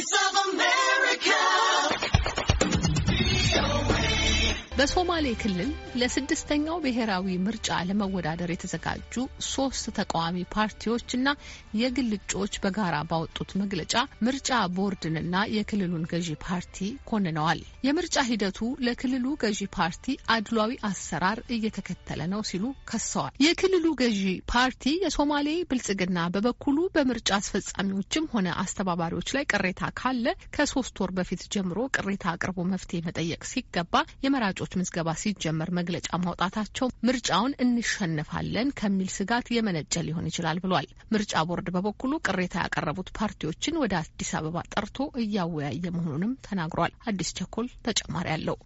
voice of በሶማሌ ክልል ለስድስተኛው ብሔራዊ ምርጫ ለመወዳደር የተዘጋጁ ሶስት ተቃዋሚ ፓርቲዎችና የግል እጩዎች በጋራ ባወጡት መግለጫ ምርጫ ቦርድንና የክልሉን ገዢ ፓርቲ ኮንነዋል። የምርጫ ሂደቱ ለክልሉ ገዢ ፓርቲ አድሏዊ አሰራር እየተከተለ ነው ሲሉ ከሰዋል። የክልሉ ገዢ ፓርቲ የሶማሌ ብልጽግና በበኩሉ በምርጫ አስፈጻሚዎችም ሆነ አስተባባሪዎች ላይ ቅሬታ ካለ ከሶስት ወር በፊት ጀምሮ ቅሬታ አቅርቦ መፍትሄ መጠየቅ ሲገባ የመራጮ የእጩዎች ምዝገባ ሲጀመር መግለጫ ማውጣታቸው ምርጫውን እንሸነፋለን ከሚል ስጋት የመነጨ ሊሆን ይችላል ብሏል። ምርጫ ቦርድ በበኩሉ ቅሬታ ያቀረቡት ፓርቲዎችን ወደ አዲስ አበባ ጠርቶ እያወያየ መሆኑንም ተናግሯል። አዲስ ቸኮል ተጨማሪ አለው።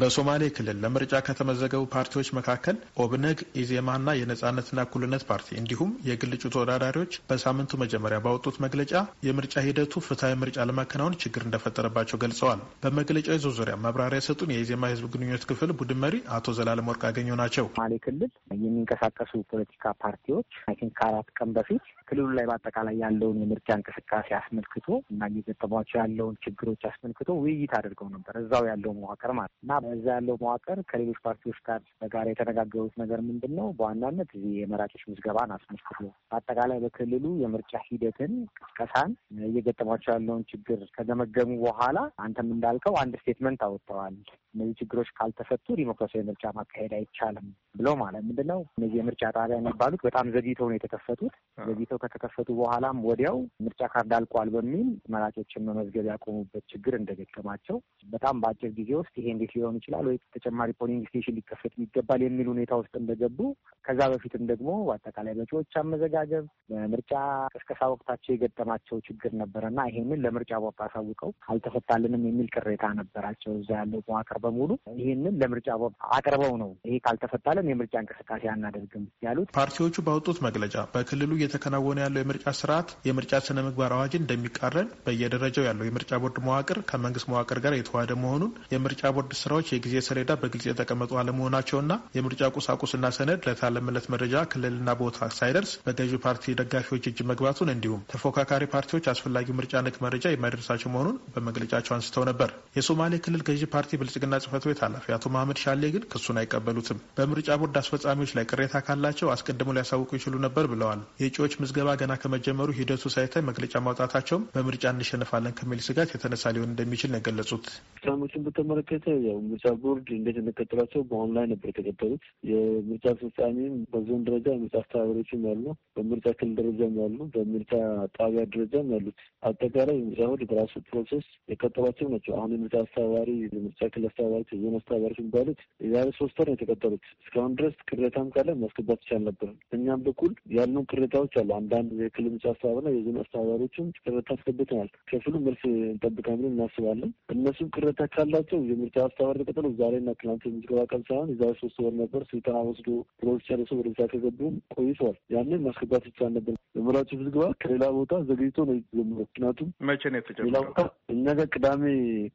በሶማሌ ክልል ለምርጫ ከተመዘገቡ ፓርቲዎች መካከል ኦብነግ፣ ኢዜማና የነጻነትና እኩልነት ፓርቲ እንዲሁም የግል እጩ ተወዳዳሪዎች በሳምንቱ መጀመሪያ ባወጡት መግለጫ የምርጫ ሂደቱ ፍትሐዊ ምርጫ ለማከናወን ችግር እንደፈጠረባቸው ገልጸዋል። በመግለጫው ይዞ ዙሪያ መብራሪያ የሰጡን የኢዜማ ህዝብ ግንኙነት ክፍል ቡድን መሪ አቶ ዘላለም ወርቅ አገኘው ናቸው። ሶማሌ ክልል የሚንቀሳቀሱ ፖለቲካ ፓርቲዎች አይ ቲንክ ከአራት ቀን በፊት ክልሉ ላይ በአጠቃላይ ያለውን የምርጫ እንቅስቃሴ አስመልክቶ እና እየገጠሟቸው ያለውን ችግሮች አስመልክቶ ውይይት አድርገው ነበር። እዛው ያለው መዋቅር ማለት እና እዛ ያለው መዋቅር ከሌሎች ፓርቲዎች ጋር በጋራ የተነጋገሩት ነገር ምንድን ነው? በዋናነት እዚህ የመራጮች ምዝገባን አስመልክቶ በአጠቃላይ በክልሉ የምርጫ ሂደትን፣ ቅስቀሳን፣ እየገጠሟቸው ያለውን ችግር ከገመገሙ በኋላ አንተም እንዳልከው አንድ ስቴትመንት አወጥተዋል። እነዚህ ችግሮች ካልተፈቱ ዲሞክራሲያዊ ምርጫ ማካሄድ አይቻልም ብሎ ማለት ምንድን ነው? እነዚህ የምርጫ ጣቢያ የሚባሉት በጣም ዘግይተው ነው የተከፈቱት። ዘግይተው ከተከፈቱ በኋላም ወዲያው ምርጫ ካርድ አልቋል በሚል መራጮችን መመዝገብ ያቆሙበት ችግር እንደገጠማቸው በጣም በአጭር ጊዜ ውስጥ ይሄ እንዴት ሊሆን ሊሆን ይችላል ወይ ተጨማሪ ፖሊንግ ስቴሽን ሊከፈት ይገባል የሚል ሁኔታ ውስጥ እንደገቡ ከዛ በፊትም ደግሞ በአጠቃላይ በእጩዎች አመዘጋገብ በምርጫ ቅስቀሳ ወቅታቸው የገጠማቸው ችግር ነበረና ይሄንን ለምርጫ ቦርድ አሳውቀው አልተፈታልንም የሚል ቅሬታ ነበራቸው። እዛ ያለው መዋቅር በሙሉ ይህንን ለምርጫ ቦርድ አቅርበው ነው ይሄ ካልተፈታልን የምርጫ እንቅስቃሴ አናደርግም ያሉት። ፓርቲዎቹ ባወጡት መግለጫ በክልሉ እየተከናወነ ያለው የምርጫ ስርዓት የምርጫ ስነ ምግባር አዋጅ እንደሚቃረን በየደረጃው ያለው የምርጫ ቦርድ መዋቅር ከመንግስት መዋቅር ጋር የተዋደ መሆኑን የምርጫ ቦርድ ስራው ስራዎች የጊዜ ሰሌዳ በግልጽ የተቀመጡ አለመሆናቸውና የምርጫ ቁሳቁስና ሰነድ ለታለመለት መረጃ ክልልና ቦታ ሳይደርስ በገዢው ፓርቲ ደጋፊዎች እጅ መግባቱን እንዲሁም ተፎካካሪ ፓርቲዎች አስፈላጊው ምርጫ ነክ መረጃ የማይደርሳቸው መሆኑን በመግለጫቸው አንስተው ነበር። የሶማሌ ክልል ገዢ ፓርቲ ብልጽግና ጽህፈት ቤት ኃላፊ አቶ መሀመድ ሻሌ ግን ክሱን አይቀበሉትም። በምርጫ ቦርድ አስፈጻሚዎች ላይ ቅሬታ ካላቸው አስቀድሞ ሊያሳውቁ ይችሉ ነበር ብለዋል። የእጩዎች ምዝገባ ገና ከመጀመሩ ሂደቱ ሳይታይ መግለጫ ማውጣታቸውም በምርጫ እንሸንፋለን ከሚል ስጋት የተነሳ ሊሆን እንደሚችል ነው የገለጹት። ሳሞችን በተመለከተ ያው ምርጫ ቦርድ እንደተመከተላቸው እንደከተሏቸው በአሁኑ ላይ ነበር የተከተሉት። የምርጫ አስፈጻሚም በዞን ደረጃ የምርጫ አስተባባሪዎችም ያሉ፣ በምርጫ ክልል ደረጃም ያሉ፣ በምርጫ ጣቢያ ደረጃም ያሉት አጠቃላይ የምርጫ ቦርድ በራሱ ፕሮሴስ የቀጠሏቸው ናቸው። አሁን የምርጫ አስተባባሪ፣ የምርጫ ክልል አስተባባሪ፣ የዞን አስተባባሪዎች የሚባሉት የዛሬ ሶስት ወር ነው የተቀጠሉት። እስካሁን ድረስ ቅሬታም ካለ ማስገባት ይቻል ነበር። እኛም በኩል ያሉን ቅሬታዎች አሉ። አንዳንድ የክልል ምርጫ አስተባባሪና የዞን አስተባባሪዎችም ቅሬታ አስገብተናል። ክፍሉ መልስ እንጠብቃለን ብለን እናስባለን። እነሱም ቅሬታ ካላቸው የምርጫ አስተባባሪ በመቀጠል ዛሬና ትናንት የምዝገባ ቀን ሳይሆን የዛሬ ሶስት ወር ነበር ስልጠና ወስዶ ፕሮጀክት ጨርሶ ወደዛ ከገቡ ቆይተዋል። ያንን ማስገባት ይቻል ነበር። መምህራችሁ ምዝገባ ከሌላ ቦታ ዘግይቶ ነው የተጀመረው። ምክንያቱም መቼ ነው የተጀመረው? ሌላ ቦታ እኛ ጋር ቅዳሜ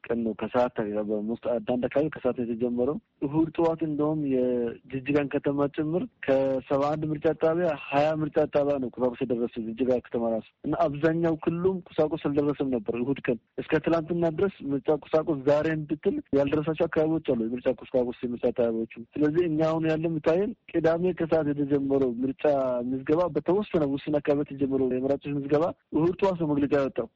ቀን ነው ከሰዓት በሞስጥ አንዳንድ አካባቢ ከሰዓት ነው የተጀመረው። እሁድ ጠዋት እንደውም የጅጅጋን ከተማ ጭምር ከሰባ አንድ ምርጫ ጣቢያ ሀያ ምርጫ ጣቢያ ነው ቁሳቁስ የደረሰ ጅጅጋ ከተማ ራሱ እና አብዛኛው ክሉም ቁሳቁስ አልደረሰም ነበር እሁድ ቀን እስከ ትላንትና ድረስ ምርጫ ቁሳቁስ ዛሬ እንድትል ያልደረሳቸው አካባቢዎች አሉ፣ የምርጫ ቁሳቁስ የምርጫ ጣቢያዎቹ። ስለዚህ እኛ አሁን ያለ የምታየን ቅዳሜ ከሰዓት የተጀመረው ምርጫ ምዝገባ በተወሰነ ውስን አካባቢ የተጀመረው የመራጮች ምዝገባ እሑድ ጠዋት ነው መግለጫ ያወጣው።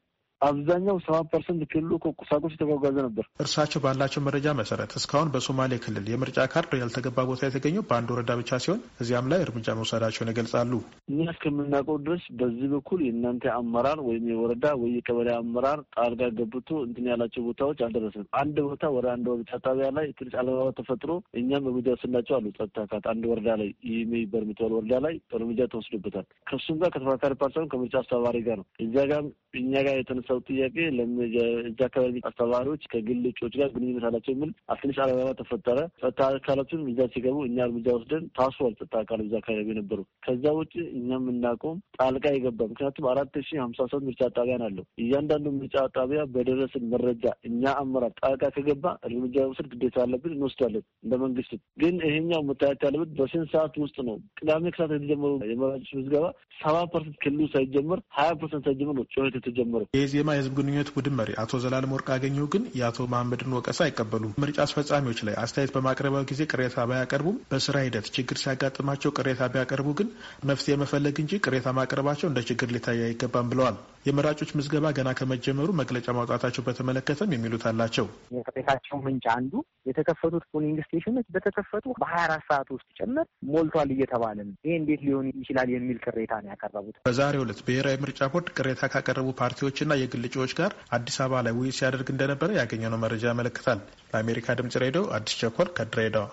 አብዛኛው ሰባ ፐርሰንት ክልሉ ቁሳቁስ የተጓጓዘ ነበር። እርሳቸው ባላቸው መረጃ መሰረት እስካሁን በሶማሌ ክልል የምርጫ ካርድ ያልተገባ ቦታ የተገኘው በአንድ ወረዳ ብቻ ሲሆን እዚያም ላይ እርምጃ መውሰዳቸውን ይገልጻሉ። እኛ እስከምናውቀው ድረስ በዚህ በኩል የእናንተ አመራር ወይም የወረዳ ወይ የቀበሌ አመራር ጣልቃ ገብቶ እንትን ያላቸው ቦታዎች አልደረሰም። አንድ ቦታ ወደ አንድ ወረዳ ጣቢያ ላይ ትንሽ አለባባ ተፈጥሮ እኛም እርምጃ ወስናቸው አሉ። ጸጥታ አንድ ወረዳ ላይ ሜይበር የምትባል ወረዳ ላይ እርምጃ ተወስዶበታል። ከሱም ጋር ከተፎካካሪ ፓርቲ ከምርጫ አስተባባሪ ጋር ነው። እዚያ ጋር እኛ ጋር የተነሳ የተነሳው ጥያቄ ለእዚ አካባቢ አስተባባሪዎች ከግል እጩዎች ጋር ግንኙነት አላቸው የሚል ትንሽ አለባባ ተፈጠረ። ጸጥታ አካላቱን እዛ ሲገቡ እኛ እርምጃ ወስደን ታስሯል። ጸጥታ አካል እዛ አካባቢ የነበሩ ከዛ ውጭ እኛም እናቆም ጣልቃ የገባ ምክንያቱም አራት ሺ ሀምሳ ሰባት ምርጫ ጣቢያን አለው። እያንዳንዱ ምርጫ ጣቢያ በደረስን መረጃ እኛ አመራር ጣልቃ ከገባ እርምጃ ውስድ ግዴታ አለብን፣ እንወስዳለን እንደ መንግስት። ግን ይሄኛው መታየት ያለበት በስንት ሰዓት ውስጥ ነው? ቅዳሜ ከሰዓት የተጀመሩ የመራጮች ምዝገባ ሰባ ፐርሰንት ክልሉ ሳይጀመር ሀያ ፐርሰንት ሳይጀመር ነው ጩኸት የተጀመረው። የኢዜማ የህዝብ ግንኙነት ቡድን መሪ አቶ ዘላለም ወርቅ አገኘው ግን የአቶ መሐመድን ወቀሳ አይቀበሉም። ምርጫ አስፈጻሚዎች ላይ አስተያየት በማቅረቢያ ጊዜ ቅሬታ ባያቀርቡም በስራ ሂደት ችግር ሲያጋጥማቸው ቅሬታ ቢያቀርቡ ግን መፍትሄ መፈለግ እንጂ ቅሬታ ማቅረባቸው እንደ ችግር ሊታይ አይገባም ብለዋል። የመራጮች ምዝገባ ገና ከመጀመሩ መግለጫ ማውጣታቸው በተመለከተም የሚሉት አላቸው። የቅሬታቸው ምንጭ አንዱ የተከፈቱት ፖሊንግ ስቴሽኖች በተከፈቱ በሀያ አራት ሰዓት ውስጥ ጭምር ሞልቷል እየተባለ ነው። እንዴት ሊሆን ይችላል የሚል ቅሬታ ነው ያቀረቡት። በዛሬው ዕለት ብሔራዊ ምርጫ ቦርድ ቅሬታ ካቀረቡ ፓርቲዎችና የግል እጩዎች ጋር አዲስ አበባ ላይ ውይይት ሲያደርግ እንደነበረ ያገኘነው መረጃ ያመለክታል። ለአሜሪካ ድምጽ ሬዲዮ አዲስ ቸኮል ከድሬዳዋ